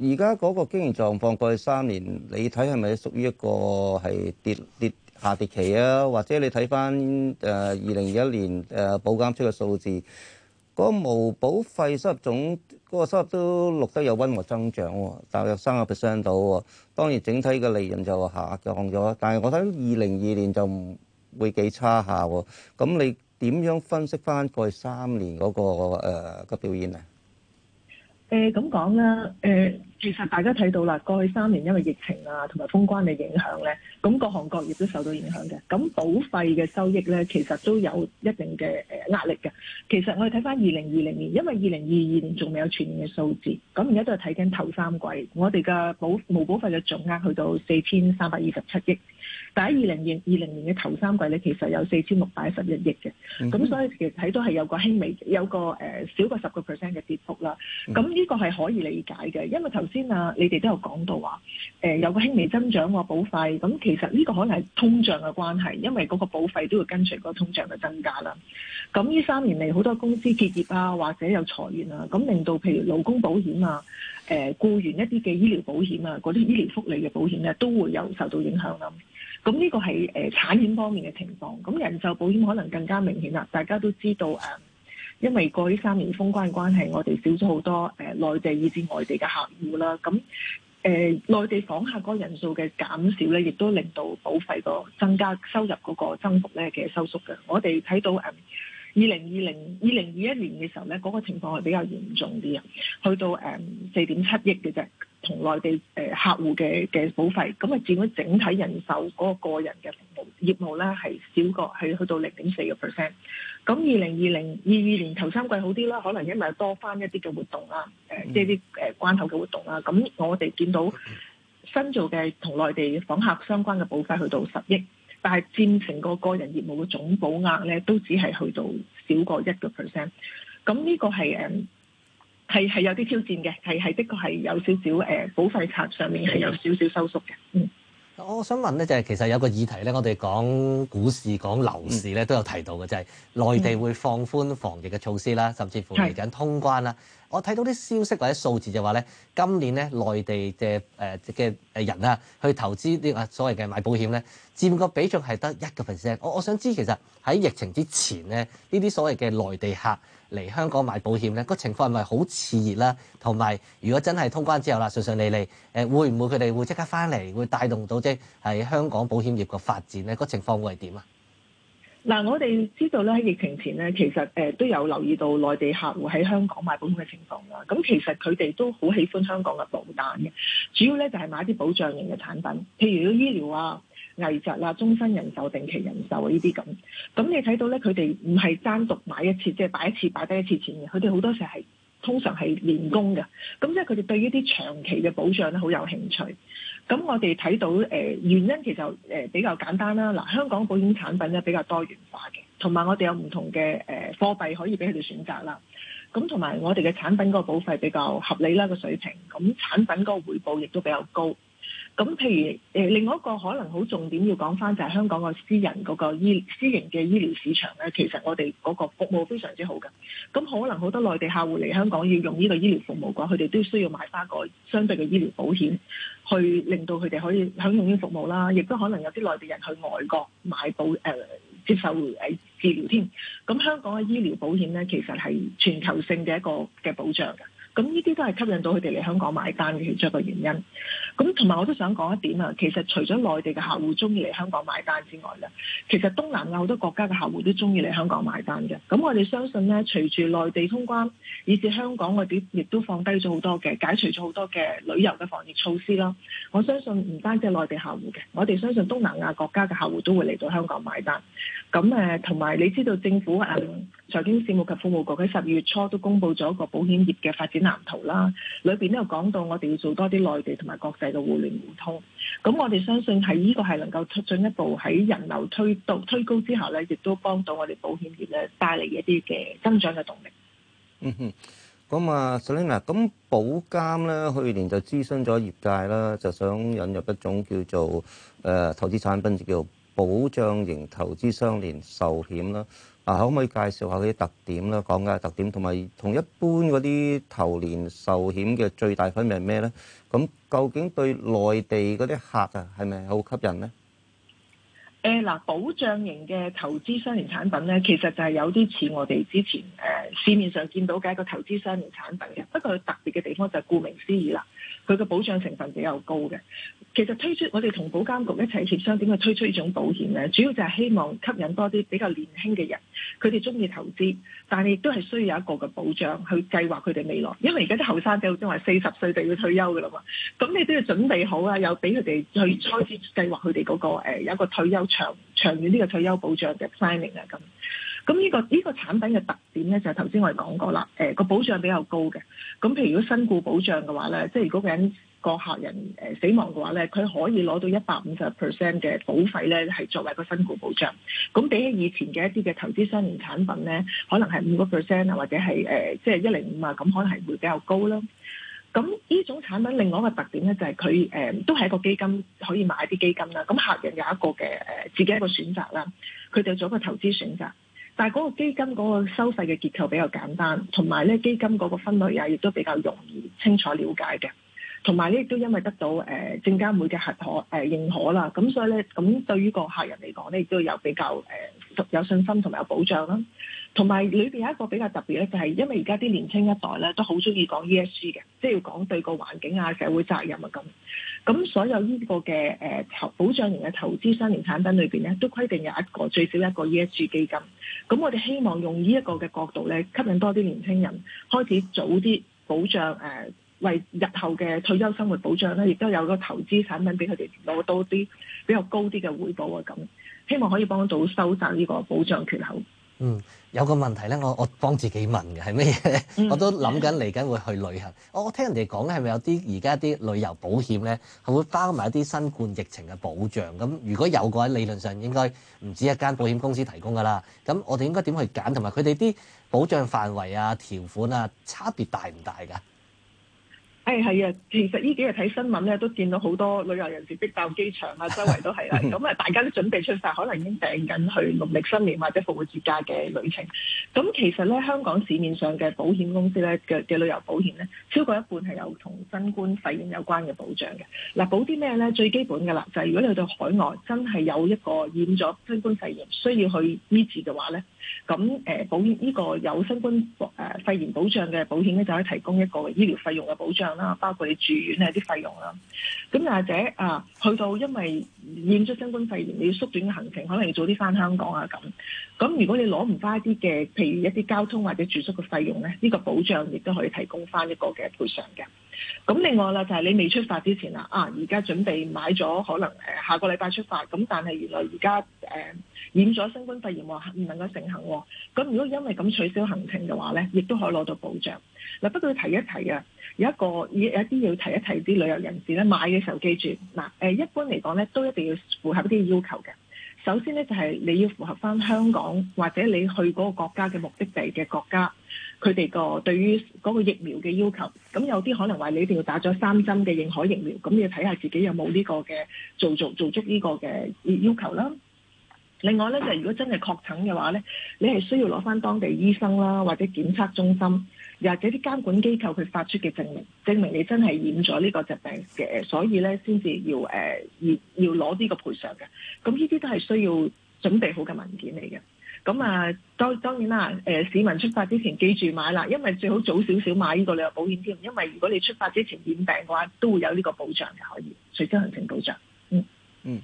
而家嗰個經營狀況，過去三年你睇係咪屬於一個係跌跌下跌期啊？或者你睇翻誒二零二一年誒保監出嘅數字，嗰、那個無保費收入總嗰、那個收入都錄得有溫和增長，大概三個 percent 到。當然整體嘅利潤就下降咗，但係我睇二零二年就唔會幾差下。咁你點樣分析翻過去三年嗰、那個誒、那個、表現咧？誒咁講啦，誒、呃、其實大家睇到啦，過去三年因為疫情啊同埋封關嘅影響咧，咁各行各業都受到影響嘅，咁保費嘅收益咧其實都有一定嘅誒壓力嘅。其實我哋睇返二零二零年，因為二零二二年仲未有全年嘅數字，咁而家都係睇緊頭三季，我哋嘅保無保費嘅總額去到四千三百二十七億。但係二零二零年嘅頭三季咧，其實有四千六百一十一億嘅，咁所以其實睇都係有個輕微，有個誒、呃、少過十個 percent 嘅跌幅啦。咁呢個係可以理解嘅，因為頭先啊，你哋都有講到話誒、呃、有個輕微增長保費，咁其實呢個可能係通脹嘅關係，因為嗰個保費都會跟隨嗰通脹嘅增加啦。咁呢三年嚟好多公司結業啊，或者有裁員啊，咁令到譬如勞工保險啊。誒僱員一啲嘅醫療保險啊，嗰啲醫療福利嘅保險咧、啊，都會有受到影響啦、啊。咁呢個係誒、呃、產險方面嘅情況。咁人壽保險可能更加明顯啦。大家都知道誒、嗯，因為過呢三年封關嘅關係，我哋少咗好多誒、呃、內地以至外地嘅客戶啦。咁誒、呃、內地訪客嗰個人數嘅減少咧，亦都令到保費個增加收入嗰個增幅咧嘅收縮嘅。我哋睇到誒。嗯二零二零二零二一年嘅時候咧，嗰個情況係比較嚴重啲啊，去到誒四點七億嘅啫，同內地誒、呃、客戶嘅嘅保費，咁啊佔咗整體人壽嗰個個人嘅業務咧係少過係去，去到零點四個 percent。咁二零二零二二年頭三季好啲啦，可能因為多翻一啲嘅活動啦，誒即係啲誒關口嘅活動啦，咁我哋見到新造嘅同內地訪客相關嘅保費去到十億。但係佔成個個人業務嘅總保額咧，都只係去到少過一個 percent。咁呢個係誒係係有啲挑戰嘅，係係的確係有少少誒保費層上面係有少少收縮嘅。嗯，我想問咧就係、是、其實有個議題咧，我哋講股市講樓市咧、嗯、都有提到嘅，就係、是、內地會放寬防疫嘅措施啦、嗯，甚至乎嚟緊通關啦。我睇到啲消息或者數字就話咧，今年咧內地嘅誒嘅人啊，去投資啲啊所謂嘅買保險咧，佔個比重係得一個 percent。我我想知其實喺疫情之前咧，呢啲所謂嘅內地客嚟香港買保險咧，個情況係咪好熾熱啦？同埋如果真係通關之後啦，順順利利誒，會唔會佢哋會即刻翻嚟，會帶動到即係香港保險業個發展咧？個情況會係點啊？嗱、嗯，我哋知道咧喺疫情前咧，其實誒都有留意到內地客戶喺香港買保險嘅情況㗎。咁其實佢哋都好喜歡香港嘅保單嘅，主要咧就係買啲保障型嘅產品，譬如咗醫療啊、危疾啊、終身人壽、定期人壽啊呢啲咁。咁你睇到咧，佢哋唔係單獨買一次，即係擺一次擺低一次錢嘅，佢哋好多時係通常係連供嘅。咁即係佢哋對呢啲長期嘅保障咧好有興趣。咁我哋睇到、呃、原因其實、呃、比較簡單啦，嗱，香港保險產品咧比較多元化嘅，同埋我哋有唔同嘅誒貨幣可以俾佢哋選擇啦。咁同埋我哋嘅產品個保費比較合理啦個水平，咁產品個回報亦都比較高。咁，譬如誒，另外一個可能好重點要講翻，就係香港個私人嗰個醫、私營嘅醫療市場咧，其實我哋嗰個服務非常之好嘅。咁可能好多內地客戶嚟香港要用呢個醫療服務嘅話，佢哋都需要買翻個相對嘅醫療保險，去令到佢哋可以享用呢個服務啦。亦都可能有啲內地人去外國買保、呃、接受治療添。咁香港嘅醫療保險咧，其實係全球性嘅一個嘅保障嘅。咁呢啲都係吸引到佢哋嚟香港買單嘅其中一個原因。咁同埋我都想講一點啊，其實除咗內地嘅客戶中意嚟香港買單之外咧，其實東南亞好多國家嘅客戶都中意嚟香港買單嘅。咁我哋相信咧，隨住內地通關，以至香港我哋亦都放低咗好多嘅，解除咗好多嘅旅遊嘅防疫措施囉。我相信唔單止係內地客戶嘅，我哋相信東南亞國家嘅客戶都會嚟到香港買單。咁誒，同埋你知道政府，嗯財經事務及服務局喺十二月初都公布咗一個保險業嘅發展藍圖啦，裏邊都有講到我哋要做多啲內地同埋國際嘅互聯互通，咁我哋相信係呢個係能夠進一步喺人流推動推高之後咧，亦都幫到我哋保險業咧帶嚟一啲嘅增長嘅動力。嗯哼，咁啊，Selina，咁保監咧去年就諮詢咗業界啦，就想引入一種叫做誒、呃、投資產品，就叫做保障型投資相連壽險啦。啊，可唔可以介紹下佢啲特點咧？講嘅特點同埋同一般嗰啲投連壽險嘅最大分別係咩咧？咁究竟對內地嗰啲客啊，係咪好吸引呢？誒嗱，保障型嘅投資商連產品咧，其實就係有啲似我哋之前誒市面上見到嘅一個投資商連產品嘅，不過佢特別嘅地方就係顧名思義啦，佢嘅保障成分比較高嘅。其實推出我哋同保監局一齊協商點去推出呢種保險咧，主要就係希望吸引多啲比較年輕嘅人。佢哋中意投資，但係亦都係需要有一個嘅保障去計劃佢哋未來。因為而家啲後生仔好似話四十歲就要退休嘅啦嘛，咁你都要準備好啊，有俾佢哋去開始計劃佢哋嗰個有一個退休長長遠呢個退休保障嘅 planning 啊咁。咁呢、這個呢、這個產品嘅特點咧就係頭先我哋講過啦，誒、呃、個保障比較高嘅。咁譬如如果身故保障嘅話咧，即係如果個人。個客人誒死亡嘅話咧，佢可以攞到一百五十 percent 嘅保費咧，係作為一個身故保障。咁比起以前嘅一啲嘅投資商命產品咧，可能係五個 percent 啊，或者係誒即係一零五啊，咁可能係會比較高咯。咁呢種產品另外一個特點咧、就是，就係佢誒都係一個基金，可以買啲基金啦。咁客人有一個嘅誒自己一個選擇啦，佢就做一個投資選擇。但係嗰個基金嗰個收費嘅結構比較簡單，同埋咧基金嗰個分類啊，亦都比較容易清楚了解嘅。同埋咧，亦都因為得到誒、呃、證監會嘅核可誒認可啦，咁所以咧，咁對於個客人嚟講咧，亦都有比較誒、呃、有信心同埋有保障啦。同埋裏面有一個比較特別咧，就係因為而家啲年青一代咧都好中意講 E S G 嘅，即係要講對個環境啊、社會責任啊咁。咁所有呢個嘅誒投保障型嘅投資新年產品裏面咧，都規定有一個最少一個 E S G 基金。咁我哋希望用呢一個嘅角度咧，吸引多啲年輕人開始早啲保障誒。呃為日後嘅退休生活保障咧，亦都有個投資產品俾佢哋攞多啲比較高啲嘅回報啊。咁希望可以幫到收窄呢個保障缺口。嗯，有個問題咧，我我幫自己問嘅係咩嘢？我都諗緊嚟緊會去旅行。我我聽人哋講咧，係咪有啲而家啲旅遊保險咧係會包埋一啲新冠疫情嘅保障？咁如果有嘅話，理論上應該唔止一間保險公司提供噶啦。咁我哋應該點去揀？同埋佢哋啲保障範圍啊、條款啊，差別大唔大噶？誒係啊，其實呢幾日睇新聞咧，都見到好多旅遊人士逼爆機場啊，周圍都係啦。咁啊，大家都準備出發，可能已經訂緊去農曆新年或者復活節假嘅旅程。咁其實咧，香港市面上嘅保險公司咧嘅嘅旅遊保險咧，超過一半係有同新冠肺炎有關嘅保障嘅。嗱，保啲咩咧？最基本嘅啦，就係、是、如果你去到海外，真係有一個染咗新冠肺炎需要去醫治嘅話咧。咁誒，保險呢個有新冠誒肺炎保障嘅保險咧，就可以提供一個醫療費用嘅保障啦，包括你住院啊啲費用啦。咁又或者啊，去到因為驗出新冠肺炎，你要縮短行程，可能要早啲翻香港啊咁。咁如果你攞唔翻一啲嘅，譬如一啲交通或者住宿嘅費用咧，呢個保障亦都可以提供翻一個嘅賠償嘅。咁另外啦，就係你未出發之前啦，啊，而家準備買咗可能誒下個禮拜出發，咁但係原來而家誒染咗新冠肺炎，唔能夠成行。咁如果因為咁取消行程嘅話咧，亦都可以攞到保障。嗱、啊，不過要提一提啊，有一個有一啲要提一提啲旅遊人士咧，買嘅時候記住嗱，誒、啊、一般嚟講咧都一定要符合啲要求嘅。首先咧就係你要符合翻香港或者你去嗰個國家嘅目的地嘅國家，佢哋個對於嗰個疫苗嘅要求，咁有啲可能話你一定要打咗三針嘅認可疫苗，咁你要睇下自己有冇呢個嘅做做做足呢個嘅要求啦。另外咧就如果真係確診嘅話咧，你係需要攞翻當地醫生啦或者檢測中心，或者啲監管機構佢發出嘅證明，證明你真係染咗呢個疾病嘅，所以咧先至要誒、呃、要要攞呢個賠償嘅。咁呢啲都係需要準備好嘅文件嚟嘅。咁啊，當當然啦，誒、呃、市民出發之前記住買啦，因為最好早少少買呢個旅遊保險添。因為如果你出發之前染病嘅話，都會有呢個保障嘅，可以隨身行程保障。嗯嗯，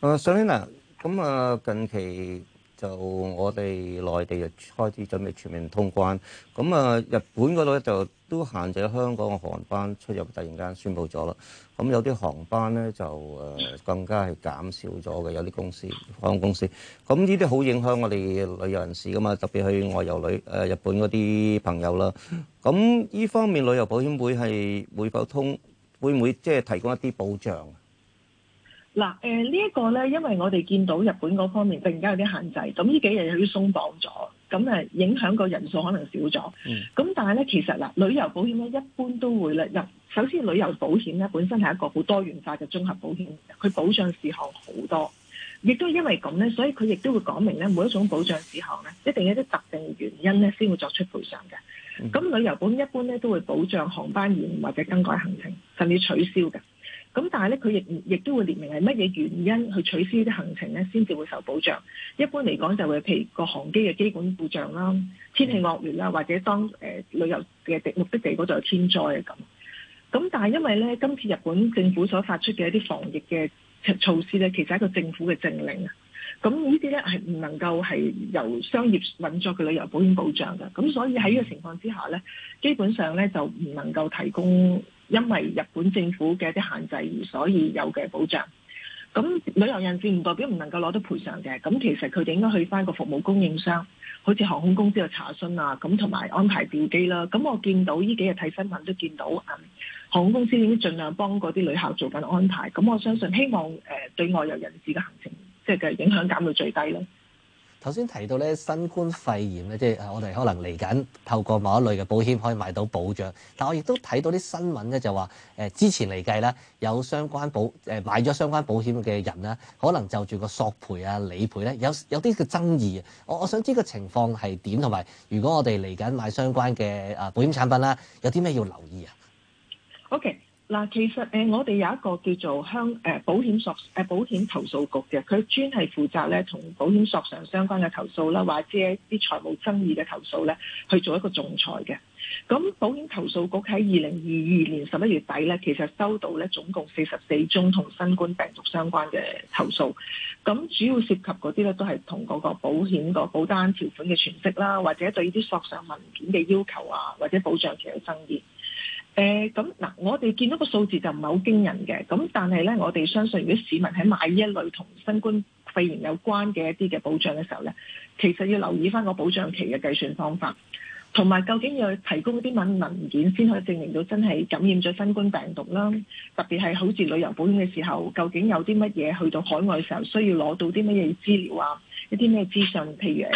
呃、啊首先咁啊，近期。就我哋內地就開始準備全面通關，咁啊日本嗰度咧就都限制香港嘅航班出入，突然間宣布咗啦。咁有啲航班咧就更加係減少咗嘅，有啲公司航空公司。咁呢啲好影響我哋旅遊人士㗎嘛，特別去外遊旅日本嗰啲朋友啦。咁呢方面旅遊保險會係會否通？會唔會即係提供一啲保障？嗱，誒呢一個咧，因為我哋見到日本嗰方面突然間有啲限制，咁呢幾日有啲鬆綁咗，咁誒影響個人數可能少咗。咁但係咧，其實嗱，旅遊保險咧一般都會咧，首先旅遊保險咧本身係一個好多元化嘅綜合保險，佢保障事項好多，亦都因為咁咧，所以佢亦都會講明咧，每一種保障事項咧，一定有啲特定的原因咧先會作出賠償嘅。咁旅遊保險一般咧都會保障航班延誤或者更改行程，甚至取消嘅。咁但係咧，佢亦亦都會列明係乜嘢原因去取消啲行程咧，先至會受保障。一般嚟講，就會譬如個航機嘅基本故障啦、天氣惡劣啦，或者當旅遊嘅目的地嗰度有天災啊咁。咁但係因為咧，今次日本政府所發出嘅一啲防疫嘅措施咧，其實係一個政府嘅政令啊。咁呢啲咧係唔能夠係由商業運作嘅旅遊保險保障嘅。咁所以喺呢個情況之下咧，基本上咧就唔能夠提供。因為日本政府嘅啲限制而所以有嘅保障，咁旅遊人士唔代表唔能夠攞得賠償嘅，咁其實佢哋應該去翻個服務供應商，好似航空公司去查詢啊，咁同埋安排調機啦。咁我見到呢幾日睇新聞都見到、嗯，航空公司已經盡量幫嗰啲旅客做緊安排，咁我相信希望誒、呃、對外遊人士嘅行程即係嘅影響減到最低咯。首先提到咧新冠肺炎咧，即係我哋可能嚟緊透過某一類嘅保險可以買到保障，但我亦都睇到啲新聞咧就話誒之前嚟計啦，有相關保誒買咗相關保險嘅人啦，可能就住個索賠啊理賠咧有有啲嘅爭議啊，我我想知個情況係點同埋，如果我哋嚟緊買相關嘅保險產品啦，有啲咩要留意啊？OK。嗱，其實誒，我哋有一個叫做香誒保險索誒保險投訴局嘅，佢專係負責咧同保險索償相關嘅投訴啦，或者一啲財務爭議嘅投訴咧，去做一個仲裁嘅。咁保險投訴局喺二零二二年十一月底咧，其實收到咧總共四十四宗同新冠病毒相關嘅投訴，咁主要涉及嗰啲咧都係同嗰個保險個保單條款嘅詮釋啦，或者對啲索償文件嘅要求啊，或者保障期嘅爭議。誒、呃，咁嗱，我哋見到個數字就唔係好驚人嘅，咁但係咧，我哋相信如果市民喺買呢一類同新冠肺炎有關嘅一啲嘅保障嘅時候咧，其實要留意翻個保障期嘅計算方法，同埋究竟要提供啲文件先可以證明到真係感染咗新冠病毒啦。特別係好似旅遊保險嘅時候，究竟有啲乜嘢去到海外嘅時候，需要攞到啲乜嘢資料啊？一啲咩資訊？譬如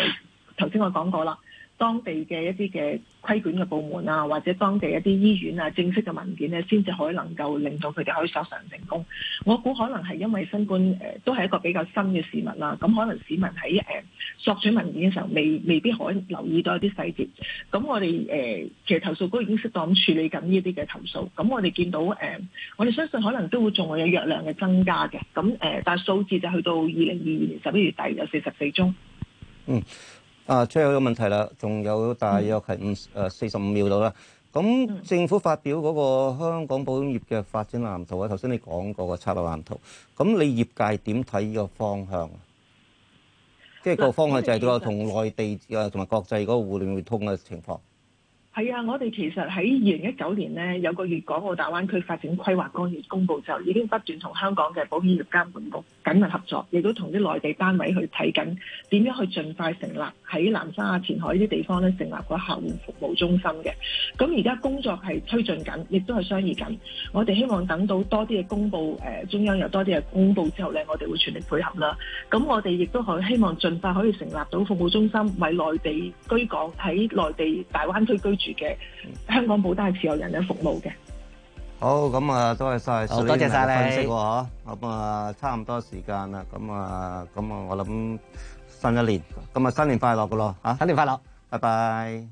頭先、呃、我講過啦。當地嘅一啲嘅規管嘅部門啊，或者當地一啲醫院啊，正式嘅文件咧，先至可以能夠令到佢哋可以索償成功。我估可能係因為新冠誒、呃，都係一個比較新嘅市民啦。咁可能市民喺誒、呃、索取文件嘅時候未，未未必可留意到一啲細節。咁我哋誒、呃、其實投訴局已經適當咁處理緊呢啲嘅投訴。咁我哋見到誒、呃，我哋相信可能都會仲會有藥量嘅增加嘅。咁誒、呃，但係數字就去到二零二二年十一月底有四十四宗。嗯。啊，出咗個問題啦，仲有大約係五誒四十五秒到啦。咁政府發表嗰個香港保險業嘅發展藍圖啊，頭先你講過嘅個策略藍圖。咁你業界點睇呢個方向啊？即係個方向就係個同內地啊，同埋國際嗰個互聯互通嘅情況。係啊，我哋其實喺二零一九年咧，有個粵港澳大灣區發展規劃綱要公佈之後，已經不斷同香港嘅保險業監管局緊密合作，亦都同啲內地單位去睇緊點樣去盡快成立喺南沙、前海呢啲地方咧，成立個客戶服務中心嘅。咁而家工作係推進緊，亦都係商議緊。我哋希望等到多啲嘅公佈、呃，中央有多啲嘅公佈之後咧，我哋會全力配合啦。咁我哋亦都可以希望盡快可以成立到服務中心，為內地居港喺內地大灣區居住嘅香港保單持有人嘅服務嘅，好。咁啊，多謝晒。好多謝晒，你。好，咁啊，差唔多時間啦，咁啊，咁啊，我諗新一年，咁啊，新年快樂噶咯嚇，新年快樂，拜拜。